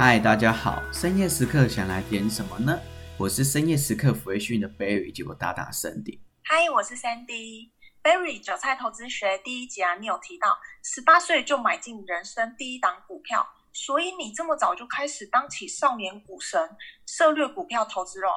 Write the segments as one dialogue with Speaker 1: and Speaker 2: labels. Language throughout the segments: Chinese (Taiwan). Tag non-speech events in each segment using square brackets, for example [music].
Speaker 1: 嗨，大家好！深夜時刻想來點什麼呢？我是深夜時刻撫慰心靈的 Barry 以及我大大 Sandy。
Speaker 2: 嗨，我是 Sandy。Barry，韭菜投資學第一集啊，你有提到十八歲就買進人生第一檔股票。所以你這麼早就開始當起少年股神，涉獵股票投資了？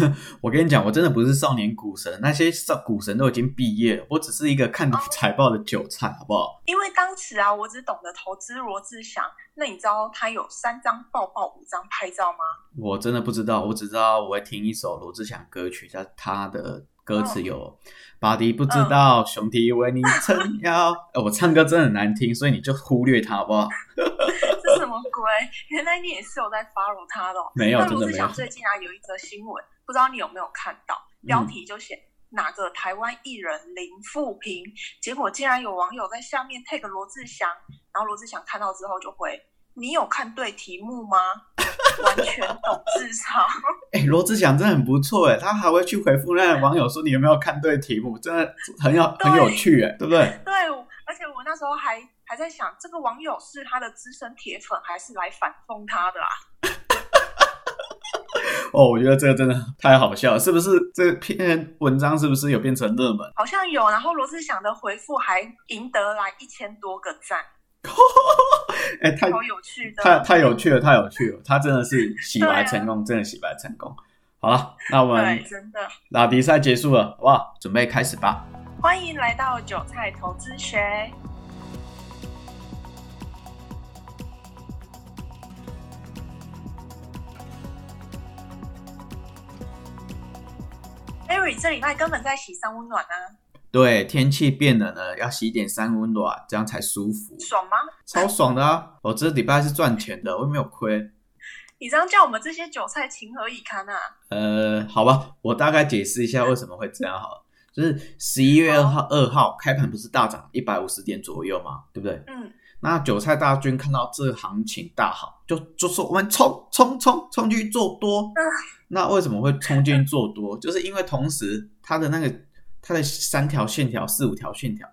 Speaker 1: [laughs] 我跟你講，我真的不是少年股神，那些股神都已經畢業了，我只是一個看財報的韭菜，好不好？
Speaker 2: 因為當時啊，我只懂得投資羅志祥。那你知道他有三張抱抱、五張拍照嗎？
Speaker 1: 我真的不知道，我只知道我會聽一首羅志祥歌曲，叫他的。歌詞有、嗯、，Body 不知道，兄、嗯、弟為你撐腰、 [laughs] 哦。我唱歌真的很難聽，所以你就忽略他好不好？
Speaker 2: [laughs] 這什麼鬼？原來你也是有在 follow 他的、哦。沒有，真的沒有。羅志祥最近啊，有一則新聞、嗯，不知道你有沒有看到？標題就寫哪個台灣藝人零負評，結果竟然有網友在下面 tag 羅志祥，然後羅志祥看到之後就回。你有看對題目嗎？完全懂智商 [laughs] 、
Speaker 1: 欸。誒羅志祥真的很不錯，他還會去回復那網友說，你有沒有看對題目，真的很有很有趣對，對不對？
Speaker 2: 對，而且我那時候還還在想，這個網友是他的資深鐵粉，還是來反諷他的、啊？
Speaker 1: [laughs] 哦，我覺得這個真的太好笑了，是不是？這篇文章是不是有變成熱門？
Speaker 2: 好像有，然後羅志祥的回復還贏得了一千多個讚。哎、 [laughs] 欸，太，太有趣
Speaker 1: 了，太有趣了，他真的是洗白成功、 [laughs] 啊，真的洗白成功。好了，那我們，那比賽結束了，好不好？準備開始吧。
Speaker 2: 歡迎來到韭菜投資學。Harry， [music] 欸、這禮拜根本在洗三溫暖啊。
Speaker 1: 對，天氣變冷了，要洗點三溫暖，這樣才舒服。爽嗎？超爽的啊！我這禮拜是賺錢的，我又沒有虧。
Speaker 2: 你這樣叫我們這些韭菜情何以堪啊？
Speaker 1: 呃，好吧，我大概解釋一下為什麼會這樣好了， [laughs] 就是十一月二號二 [laughs] 號開盤不是大漲一百五十點左右嘛，對不對？嗯。那韭菜大軍看到這個行情大好，就就說我們衝衝衝衝去做多。 [laughs] 那為什麼會衝進去做多？就是因為同時他的那個。他的三條線條、四五條線條，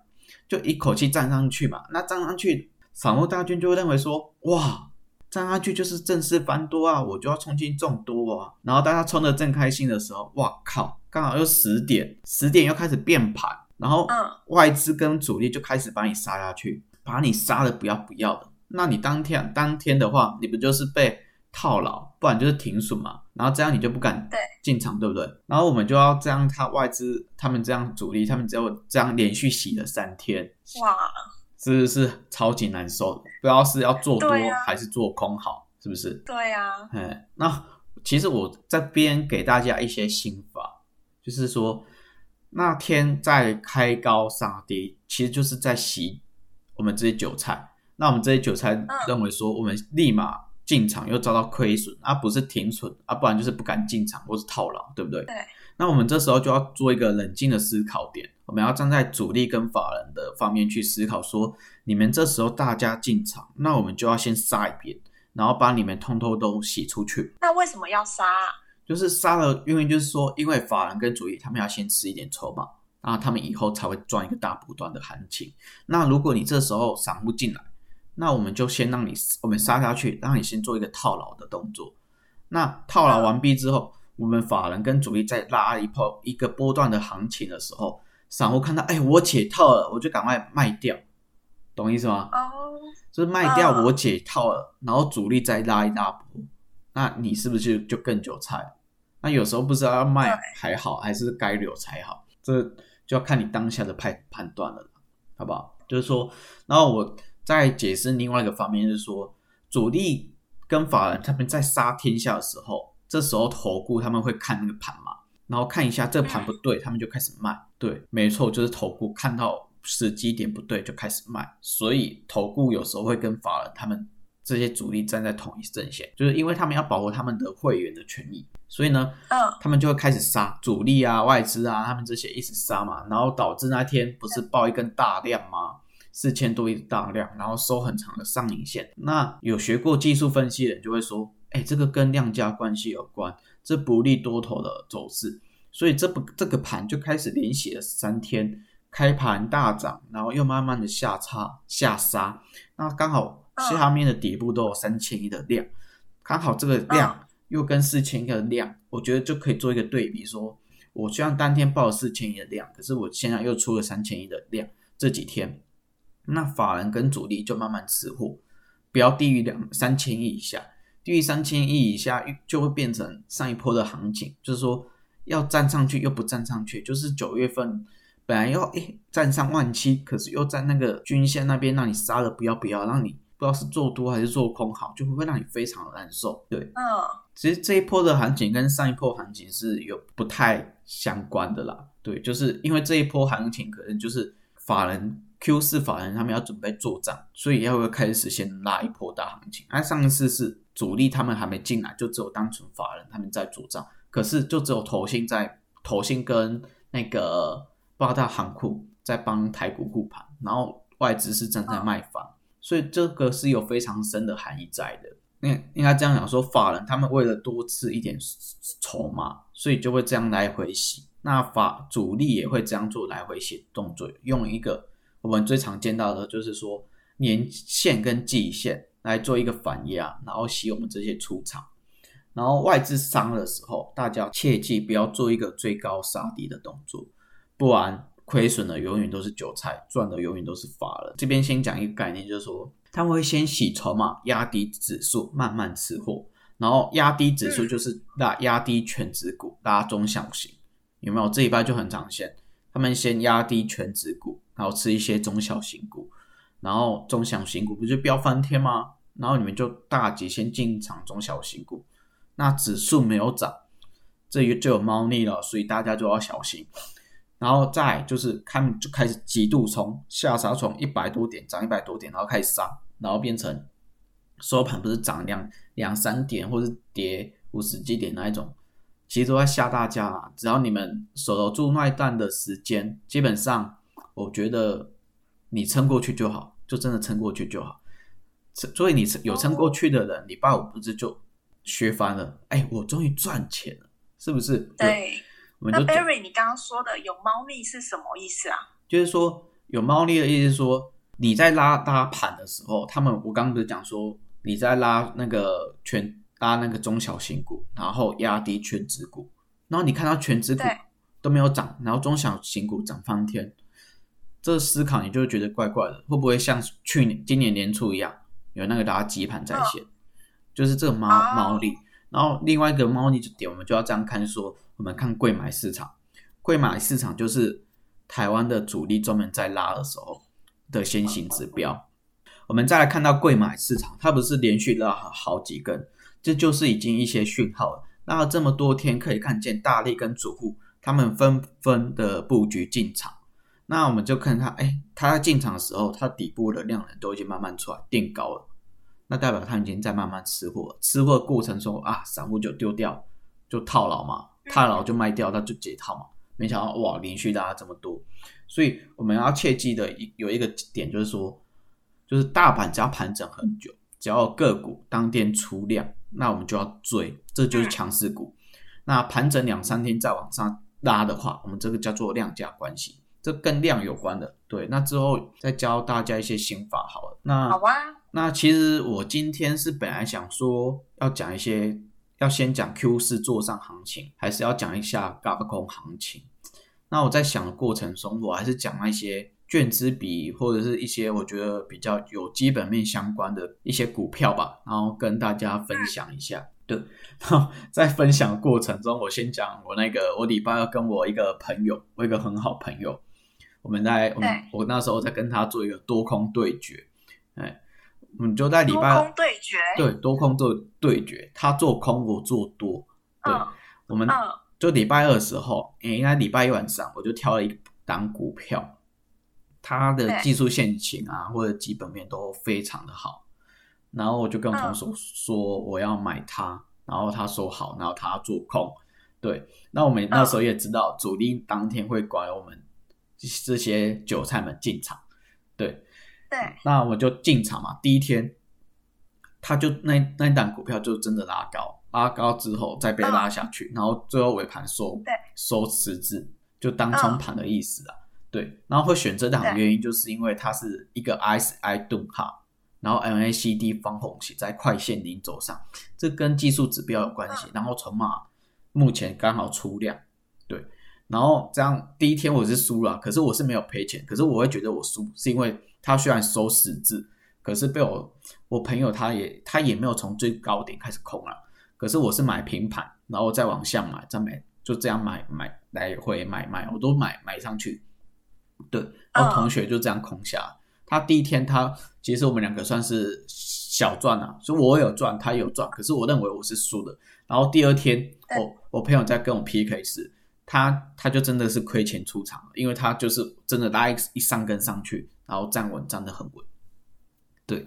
Speaker 1: 就一口氣站上去嘛。那站上去，散戶大軍就會認為說：哇，站上去就是正式翻多啊，我就要衝進眾多啊。然後大家衝的正開心的時候，哇靠，剛好又十點，十點又開始變盤，然後外資跟主力就開始把你殺下去，把你殺的不要不要的。那你當天當天的話，你不就是被？套牢，不然就是停損嘛。然後這樣你就不敢進場，對，對不對？然後我們就要這樣，他外資他們這樣主力，他們只有這樣連續洗了三天。哇！是是是，超級難受，不知道是要做多還是做空好，啊、是不是？對呀、啊。嗯，那其實我這邊給大家一些心法，就是說那天在開高殺低，其實就是在洗我們這些韭菜。那我們這些韭菜認為說，我們立馬、嗯。進場又遭到虧損啊，不是停損啊，不然就是不敢進場或是套牢，對不對？對。那我們這時候就要做一個冷靜的思考點，我們要站在主力跟法人的方面去思考說，說你們這時候大家進場，那我們就要先殺一遍，然後把你們通通都洗出去。
Speaker 2: 那為什麼要殺？
Speaker 1: 就是殺的原因就是說，因為法人跟主力他們要先吃一點籌碼，那他們以後才會賺一個大波段的行情。那如果你這時候散戶進來，那我們就先讓你，我們殺下去，讓你先做一個套牢的動作。那套牢完畢之後，我們法人跟主力再拉一波一個波段的行情的時候，散戶看到，哎，我解套了，我就趕快賣掉，懂意思嗎？哦，就是賣掉我解套了，哦、然後主力再拉一大波，那你是不是就更韭菜？那有時候不知道要賣還好還是該留才好，這就要看你當下的判判斷了，好不好？就是說，然後我。再解釋另外一個方面，就是說主力跟法人他們在殺天下的時候，這時候投顧他們會看那個盤嘛，然後看一下這盤不對，他們就開始賣。對，沒錯，就是投顧看到時機點不對就開始賣，所以投顧有時候會跟法人他們這些主力站在同一陣線，就是因為他們要保護他們的會員的權益，所以呢，他們就會開始殺主力啊、外資啊，他們這些一直殺嘛，然後導致那天不是爆一根大量嗎？四千多億的大量，然後收很長的上影線。那有學過技術分析的人就會說：“哎、欸，這個跟量價關係有關，這不利多頭的走勢。”所以這不這個盤就開始連寫了三天，開盤大漲，然後又慢慢的下插下殺。那剛好下面的底部都有三千億的量，剛好這個量又跟四千億的量，我覺得就可以做一個對比，說：我雖然當天報了四千億的量，可是我現在又出了三千億的量，這幾天。那法人跟主力就慢慢吃貨，不要低於兩三千億以下，低於三千億以下就會變成上一波的行情。就是說要站上去又不站上去，就是九月份本來要哎、欸、站上萬七，可是又在那個均線那邊讓你殺的不要不要，讓你不知道是做多還是做空好，就會讓你非常的難受。對，嗯、哦，其實這一波的行情跟上一波行情是有不太相關的啦。對，就是因為這一波行情可能就是法人。Q 4法人他們要準備做賬，所以要開始先拉一波大行情。那上一次是主力他們還沒進來，就只有單純法人他們在做賬，可是就只有投信在投信跟那個八大行庫在幫台股護盤，然後外資是站在賣方，所以這個是有非常深的含義在的。應應該這樣講，說法人他們為了多吃一點籌碼，所以就會這樣來回洗。那法主力也會這樣做來回洗動作，用一個。我們最常見到的就是說，年線跟季線來做一個反壓，然後洗我們這些出場，然後外資傷的時候，大家要切記不要做一個追高殺低的動作，不然虧損的永遠都是韭菜，賺的永遠都是法人。這邊先講一個概念，就是說他們會先洗籌碼嘛，壓低指數，慢慢吃貨，然後壓低指數就是拉壓低權值股，拉中小型，有沒有？這一半就很常見。他們先壓低權值股，然後吃一些中小型股，然後中小型股不就飆翻天嗎？然後你們就大舉先進場中小型股，那指數沒有漲，這就有貓膩了，所以大家就要小心。然後再就是看，就開始極度衝下殺衝一百多點漲一百多點，然後開始殺，然後變成收盤不是漲兩兩三點，或是跌五十幾點那一種。其實都在嚇大家嘛，只要你們守得住那一段的時間，基本上，我覺得你撐過去就好，就真的撐過去就好。所以你撐有撐過去的人，你爸我不是就削翻了？哎，我終於賺錢了，是不是？對。就
Speaker 2: 我們就那 Barry 你剛剛說的有貓膩是什麼意思啊？
Speaker 1: 就是說有貓膩的意思是說，說你在拉大盤的時候，他們我剛剛不是講說你在拉那個圈。搭那個中小型股，然後壓低權值股，然後你看到權值股都沒有漲，然後中小型股漲翻天，這個、思考你就會覺得怪怪的，會不會像去年、今年年初一樣有那個大家集盤在線，就是這個貓貓膩。然後另外一個貓膩就點，我們就要這樣看說，說我們看櫃買市場，櫃買市場就是台灣的主力專門在拉的時候的先行指標。我們再來看到櫃買市場，它不是連續拉好幾根。這就是已經一些訊號了，那這麼多天可以看見大力跟主戶他們紛紛的布局進場，那我們就看他，哎，他進場的時候，他底部的量能都已經慢慢出來墊高了，那代表他們已經在慢慢吃貨了，吃貨的過程中啊，散戶就丟掉了，就套牢嘛，套牢就賣掉，那就解套嘛。沒想到哇，連續拉這麼多，所以我們要切記的一有一個點就是說，就是大盤只要盤整很久，只要個股當天出量，那我們就要追，這就是強勢股。那盤整兩三天再往上拉的話，我們這個叫做量價關係，這跟量有關的。對，那之後再教大家一些心法好了。那好啊。那其實我今天是本來想說要講一些，要先講 Q 4做上行情，還是要講一下 GAP 空行情？那我在想的過程中，我還是講那些。券資比或者是一些我覺得比較有基本面相關的一些股票吧，然後跟大家分享一下。嗯、對，然後，在分享的過程中，我先講我那個我禮拜二跟我一個朋友，我一個很好朋友，我們在我、們、欸、我那時候在跟他做一個多空對決，哎、欸，我們就在禮拜二
Speaker 2: 對對，
Speaker 1: 多空做對決，他做空我做多，嗯、對，我們就禮拜二的時候，應該禮拜一晚上我就挑了一檔股票。他的技術線型啊，或者基本面都非常的好，然後我就跟同事說我要買它，嗯，然後他說好，然後他要做空，對，那我們那時候也知道、嗯、主力當天會拐我們這些韭菜們進場，對，對，那我們就進場嘛，第一天，他就那那一檔股票就真的拉高，拉高之後再被拉下去，嗯、然後最後尾盤收收十字，就當沖盤的意思啊。嗯嗯對，然後會選擇這檔原因，就是因為它是一個 i s i do 哈，然後 MACD 方紅旗在快線零軸上，這跟技術指標有關係。然後籌碼、啊、目前剛好出量，對。然後這樣第一天我是輸了，可是我是沒有賠錢，可是我會覺得我輸是因為它雖然收十字，可是被我我朋友他也他也沒有從最高點開始空了。可是我是買平盤，然後再往下買，再買就這樣買買來回買賣，我都買買上去。對，然後同學就這樣空下。他第一天他，他其實我們兩個算是小賺啊，所以我有賺，他也有賺，可是我認為我是輸的。然後第二天，我我朋友在跟我 PK 時，他他就真的是虧錢出場，因為他就是真的拉一，一上根上去，然後站穩站得很穩。對，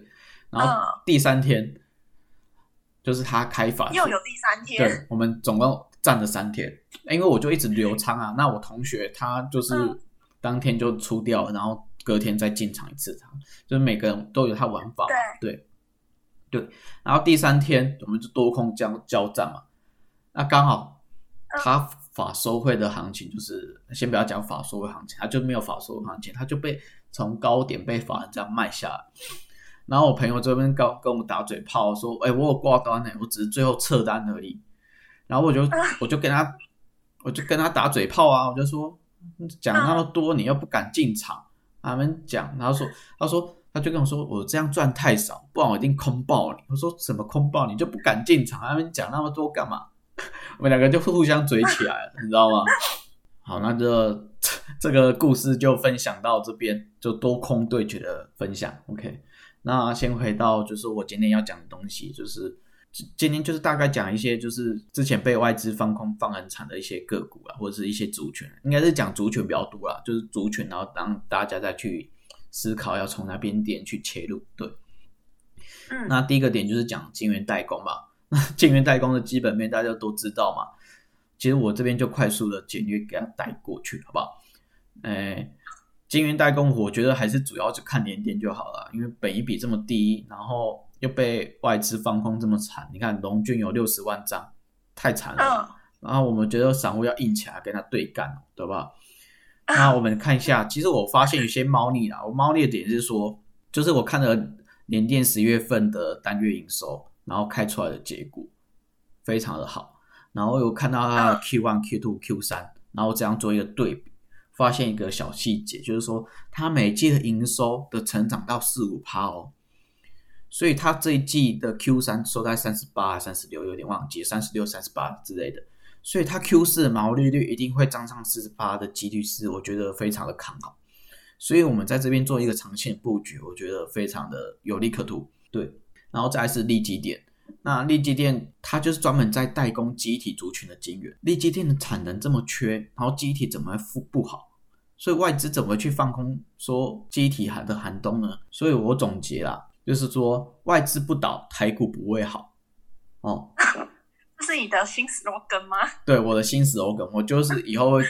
Speaker 1: 然後第三天就是他開法又有第三天，對，我們總共站了三天，因為我就一直留倉啊。那我同學他就是。當天就出掉了，然後隔天再進場一次場，場就是每個人都有他玩法，對對，對。然後第三天我們就多空交交戰嘛，那剛好他法說會的行情就是，先不要講法說會行情，他就沒有法說會行情，他就被從高點被法人這樣賣下來。然後我朋友這邊跟跟我們打嘴炮說，哎，我有掛單呢、欸，我只是最後撤單而已。然後我就我就跟他我就跟他打嘴炮啊，我就說。講那麼多，你又不敢進場。他們講，他說，他說，他就跟我說，我這樣賺太少，不然我一定空爆你。我說什麼空爆你就不敢進場？他們講那麼多幹嘛？我們兩個就互相嘴起來了，你知道嗎？好，那就這個故事就分享到這邊，就多空對決的分享。OK，那先回到就是我今天要講的東西，就是。今天就是大概講一些，就是之前被外資放空放很慘的一些個股啊，或者是一些族群，應該是講族群比較多啦，就是族群，然後當大家再去思考要從哪邊點去切入。對，
Speaker 2: 嗯，那
Speaker 1: 第一個點就是講晶圓代工吧。那晶圓代工的基本面大家都知道嘛，其實我這邊就快速的簡約給它帶過去，好不好？哎、欸，晶圓代工，我覺得還是主要就看點點就好了，因為本益比這麼低，然後。又被外資放空這麼慘，你看融券有六十萬張，太慘了。然後我們覺得散戶要硬起來跟他對幹，對吧？那我們看一下，其實我發現有些貓膩啦。我貓膩的點是說，就是我看了聯電十月份的單月營收，然後開出來的結果非常的好。然後又看到它的 Q1、Q2、Q3，然後這樣做一個對比，發現一個小細節，就是說它每季的營收的成長到四五趴哦。所以它這一季的 Q 三，收在三十八、三十六，有點忘記三十六、三十八之類的。所以它 Q 四毛利率一定會漲上四十八的幾率是，我覺得非常的看好。所以我們在這邊做一個長線布局，我覺得非常的有利可圖。對，然後再來是力積電，那力積電它就是專門在代工記憶體族群的晶圓。力積電的產能這麼缺，然後記憶體怎麼會復不好？所以外資怎麼會去放空說記憶體寒的寒冬呢？所以我總結啦、啊。就是說，外資不倒，台股不會好哦。
Speaker 2: 這 [laughs] 是你的新 s l 根嗎？
Speaker 1: 對，我的新 s l 根。我就是以後會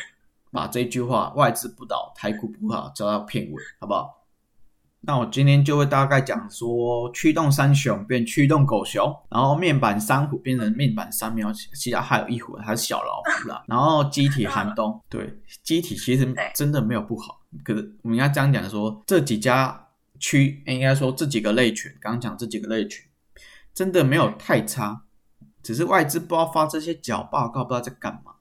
Speaker 1: 把這句話“外資不倒，台股不好”加到片尾，好不好？那我今天就會大概講說，驅動三雄變驅動狗熊，然後面板三虎變成面板三喵，其他還有一虎還是小老虎啦。 [laughs] 然後機體寒冬，對機體其實真的沒有不好，可是我們要這樣講說，這幾家。區，應該說自己這幾個類群，剛講這幾個類群真的沒有太差，只是外資不知道發這些假報告，不知道在幹嘛，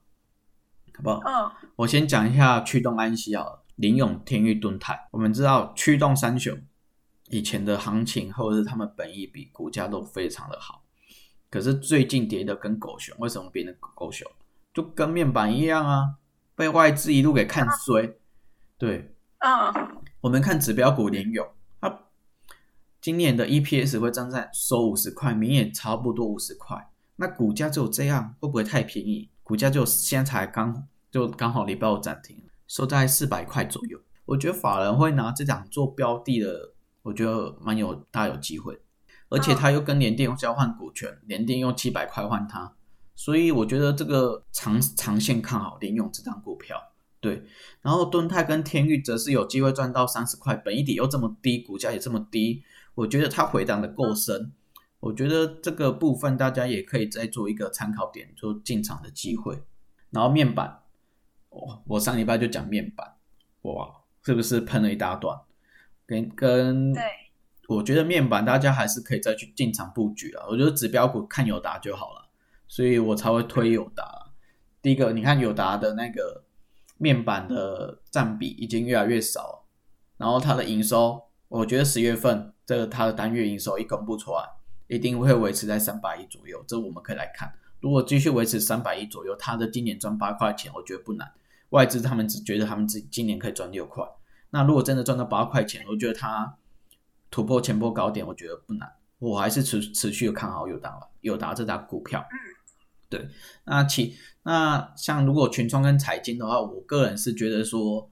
Speaker 1: 好不好？嗯、oh.。我先講一下驅動 IC 好了，聯詠、天鈺、敦泰。我們知道驅動三雄以前的行情，或者是他們本益比股價都非常的好，可是最近跌的跟狗熊，為什麼變得狗熊？就跟面板一樣啊，被外資一路給看衰。Oh. 對，嗯、oh.。我們看指標股聯詠。今年的 EPS 會站在收五十塊，明年差不多五十塊。那股價只有這樣，會不會太便宜？股價就現在才剛就剛好禮拜五漲停，收在四百塊左右。我覺得法人會拿這檔做標的的，我覺得蠻有大有機會。而且他又跟聯電交換股權，聯電用七百塊換他，所以我覺得這個長長線看好聯詠這檔股票。對，然後敦泰跟天鈺則是有機會賺到三十塊，本一底又這麼低，股價也這麼低，我覺得它回檔的夠深，我覺得這個部分大家也可以再做一個參考點，做進場的機會。然後面板，我、哦、我上禮拜就講面板，哇，是不是噴了一大段？跟跟對，我覺得面板大家還是可以再去進場布局啊。我覺得指標股看友達就好了，所以我才會推友達。第一個，你看友達的那個面板的占比已經越來越少了，然後它的營收，我覺得十月份。這個它的單月營收一公布出來，一定會維持在三百億左右。這我們可以來看，如果繼續維持三百億左右，它的今年賺八塊錢，我覺得不難。外資他們只覺得他們自己今年可以賺六塊。那如果真的賺到八塊錢，我覺得它突破前波高點，我覺得不難。我還是持持續看好友達，友達這檔股票、嗯。對，那其那像如果群創跟財經的話，我個人是覺得說。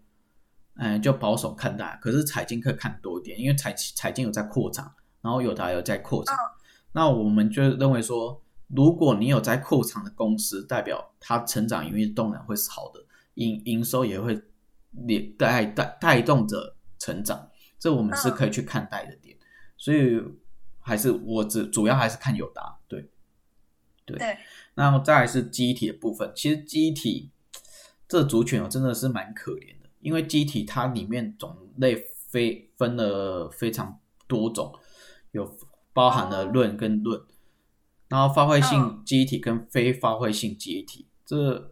Speaker 1: 嗯，就保守看待，可是彩晶可以看多一點，因為彩彩晶有在擴張，然後友達有在擴張，oh. 那我們就認為說，如果你有在擴張的公司，代表它成長營運動能會是好的，營營收也會帶帶帶動着成長，這我們是可以去看待的點，oh. 所以還是我主主要還是看友達，對對,對，那再來是記憶體的部分，其實記憶體這族群啊，真的是蠻可憐。因為記憶體它裡面種類非分了非常多種，有包含了論跟論，然後揮發性記憶體跟非揮發性記憶體，嗯，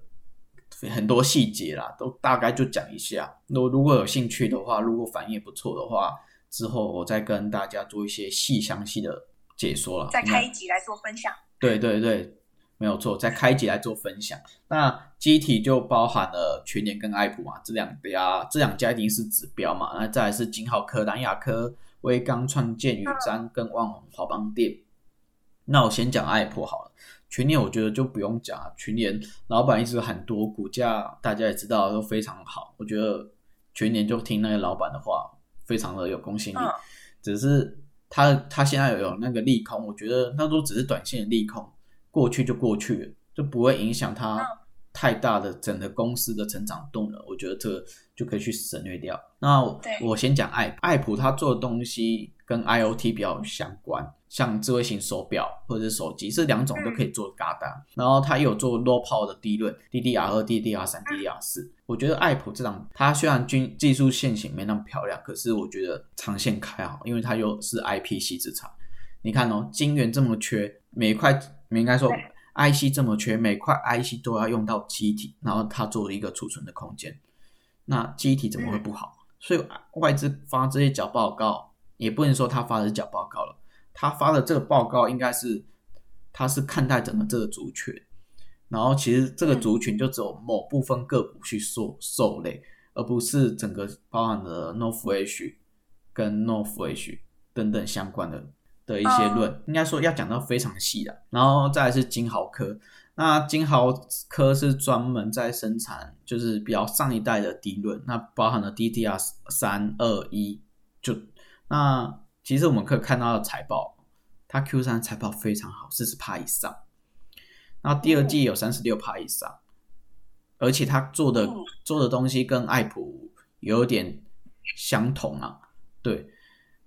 Speaker 1: 這很多細節啦，都大概就講一下。那如果有興趣的話，如果反應也不錯的話，之後我再跟大家做一些細詳細的解說了。再開一
Speaker 2: 集來做分享。
Speaker 1: 對對對。沒有錯，再開集來做分享。那記憶體就包含了群聯跟愛普嘛，這兩家這兩家一定是指標嘛。那再來是晶豪科、南亞科、威剛創見、雲山跟旺宏華邦電。那我先講愛普好了。群聯我覺得就不用講了，群聯老闆一直很多，股價大家也知道都非常好。我覺得群聯就聽那個老闆的話，非常的有公信力。只是他他現在有那個利空，我覺得那都只是短線的利空。過去就過去了，就不會影響它太大的整個公司的成長動能。我覺得這就可以去省略掉。那我，我先講愛愛普，它做的東西跟 IOT 比較相關，像智慧型手錶或者手機，這兩種都可以做嘎達、嗯。然後它也有做 low power 的低論 DDR 二 DDR 三 DDR 四。我覺得愛普這檔，它雖然均技術線型沒那麼漂亮，可是我覺得長線開好，因為它又是 IPC 資產。你看哦，晶圓這麼缺，每塊。你應該說，IC 這麼缺，每塊 IC 都要用到記憶體，然後它作為一個儲存的空間，那記憶體怎麼會不好？所以外資發這些假報告，也不能說他發的是假報告了，他發的這個報告應該是，他是看待整個這個族群，然後其實這個族群就只有某部分個股去受受累，而不是整個包含了 NOR Flash 跟 NOR Flash 等等相關的。的一些論，oh. 應該說要講到非常細的，然後再來是晶豪科，那晶豪科是專門在生產，就是比較上一代的低論，那包含了 DDR 三二一，就那其實我們可以看到的財報，它 Q 三財報非常好，四十趴以上，那第二季有三十六趴以上，而且它做的、oh. 做的東西跟愛普有點相同啊，對，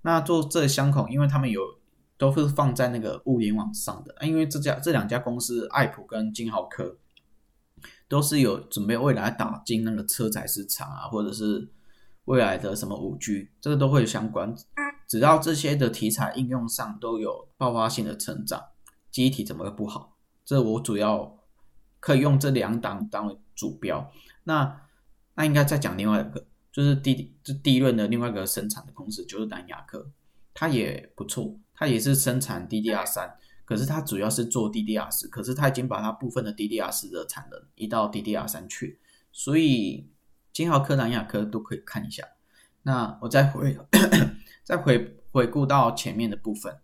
Speaker 1: 那做這個相同，因為他們有。都是放在那個物聯網上的，因為這家這兩家公司，愛普跟晶豪科，都是有準備未來打進那個車載市場啊，或者是未來的什麼五 G，這個都會有相關。只要這些的題材應用上都有爆發性的成長，記憶體怎麼會不好？這我主要可以用這兩檔當主標。那那應該再講另外一個，就是第這第一輪的另外一個生產的公司就是南亞科，它也不錯。它也是生產 DDR 三，可是它主要是做 DDR 四，可是它已經把它部分的 DDR 四的產能移到 DDR 三去，所以金豪科、南亞科都可以看一下。那我再回 [coughs] 再回回顧到前面的部分，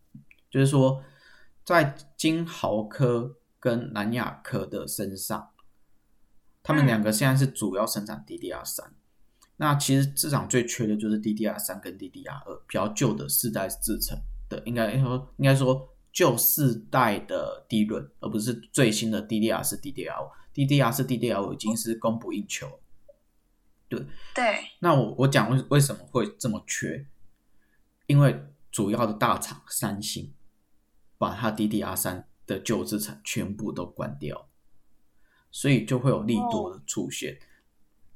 Speaker 1: 就是說，在金豪科跟南亞科的身上，他們兩個現在是主要生產 DDR 三。那其實市場最缺的就是 DDR 三跟 DDR 二比較舊的四代制程。的應該說應該說舊世代的 D 潤，而不是最新的 DDR4 DDR5，DDR4 DDR5 已經是供不應求。對對，那我我講為為什麼會這麼缺？因為主要的大廠三星，把它 DDR 三的舊資產全部都關掉，所以就會有利多的出現、哦，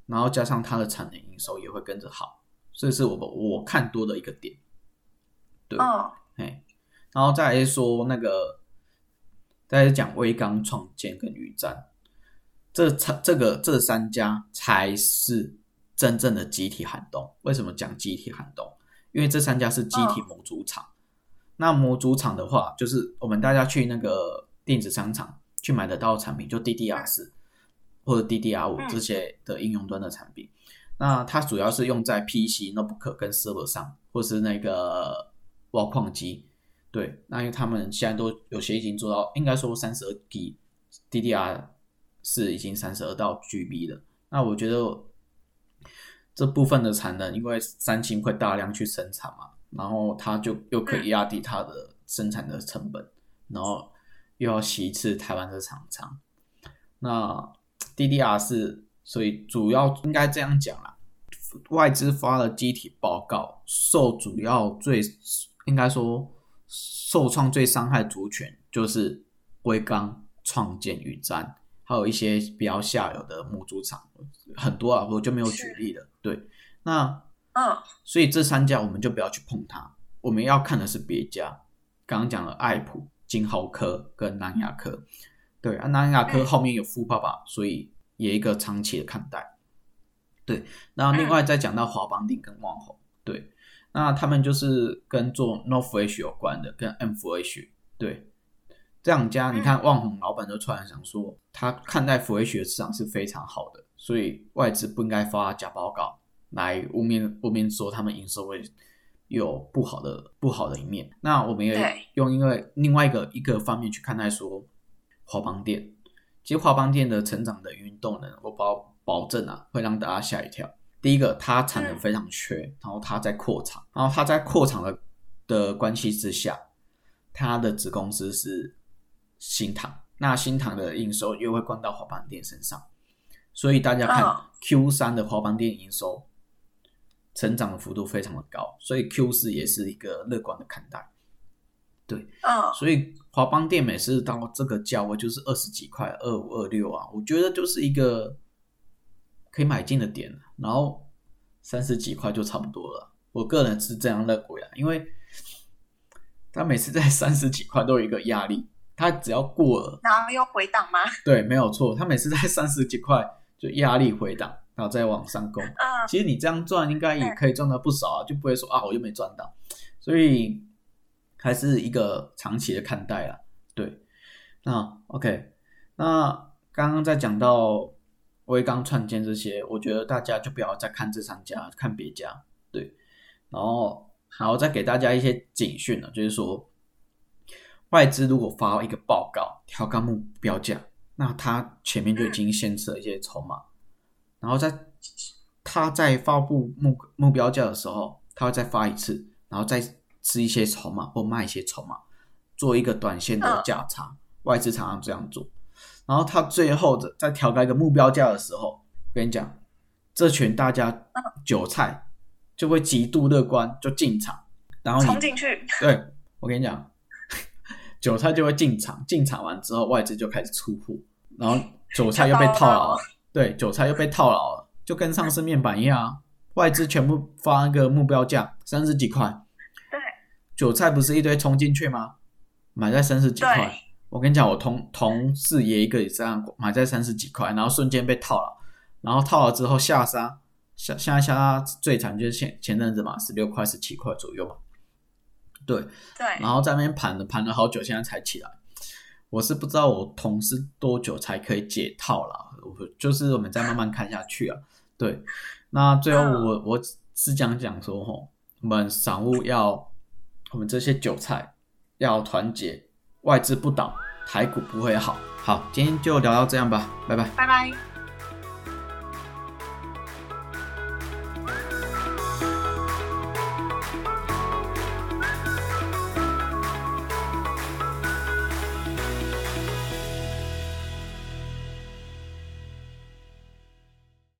Speaker 1: 然後加上它的產能營收也會跟着好，這是我我看多的一個點。對。哦然後再來說那個，再來講威剛創見跟宇瞻，這這這個這三家才是真正的集體寒冬。為什麼講集體寒冬？因為這三家是集體模組廠，哦、那模組廠的話，就是我們大家去那個電子商場去買得到的產品，就 DDR 四或者 DDR 五這些的應用端的產品，嗯。那它主要是用在 PC、Notebook 跟 Server 上，或是那個挖礦機。對，那因為他們現在都有些已經做到，應該說三十二 G，DDR 是已經三十二到 GB 了。那我覺得這部分的產能，因為三星會大量去生產嘛，然後它就又可以壓低它的生產的成本，然後又要洗一次台灣的廠商。那 DDR 是，所以主要應該這樣講啦，外資發了集體報告，受主要最應該說。受創最傷害的族群就是威剛、創見、宇瞻，還有一些比較下游的模組廠，很多啊，我就沒有舉例了。對，那嗯、哦，所以這三家我們就不要去碰它，我們要看的是別家。剛剛講了愛普、晶豪科跟南亞科，對啊，南亞科後面有富爸爸、哎，所以也一個長期的看待。對，那另外再講到華邦電跟旺宏，對。那他們就是跟做 NOR Flash 有關的，跟 NAND Flash 對，這兩家，你看旺宏老闆都突然想說，他看待 Flash 的市場是非常好的，所以外資不應該發假報告來污蔑污蔑說他們營收會有不好的不好的一面。那我們也用因為另外一個一個方面去看待說，華邦電，其實華邦電的成長的運動呢，我保保證啊會讓大家嚇一跳。第一個，它產能非常缺，然後它在擴廠，然後它在擴廠的的關係之下，它的子公司是新唐，那新唐的營收又會灌到華邦電身上，所以大家看 Q 三的華邦電營收成長的幅度非常的高，所以 Q 四也是一個樂觀的看待，對，所以華邦電每次到這個價位就是二十幾塊、二五、二六啊，我覺得就是一個。可以買進的點，然後三十幾塊就差不多了。我個人是這樣認為的，因為它每次在三十幾塊都有一個壓力，它只要過了，
Speaker 2: 然後又回檔嗎？
Speaker 1: 對，沒有錯。它每次在三十幾塊就壓力回檔，然後再往上攻。嗯，其實你這樣賺應該也可以賺到不少啊，就不會說啊我又沒賺到。所以還是一個長期的看待啊。對，那 OK，那剛剛在講到。威剛創見這些，我覺得大家就不要再看這三家，看別家。對，然後，然後再給大家一些警訊了，就是說，外資如果發一個報告調高目標價，那他前面就已經先設一些籌碼，然後在他在發布目目標價的時候，他會再發一次，然後再吃一些籌碼或賣一些籌碼，做一個短線的價差。啊、外資常常這樣做。然後他最後的在調高一個目標價的時候，我跟你講，這群大家韭菜就會極度樂觀就進場，然後你衝進去。對，我跟你講，韭菜就會進場，進場完之後外資就開始出貨，然後韭菜又被套牢了，了。對，韭菜又被套牢了，就跟上次面板一樣啊，外資全部發那個目標價三十幾塊，對，韭菜不是一堆衝進去嗎？買在三十幾塊。我跟你講，我同同事也一個也這樣，買在三十幾塊，然後瞬間被套了，然後套了之後下殺，下下殺最慘就是前前陣子嘛，十六塊、十七塊左右嘛。對對，然後在那邊盤了盤了好久，現在才起來。我是不知道我同事多久才可以解套了，我就是我們再慢慢看下去啊。對，那最後我、嗯、我是講講說吼、哦，我們散戶要，我們這些韭菜要團結。外資不倒，台股不會好。好，今天就聊到這樣吧，拜拜，
Speaker 2: 拜拜。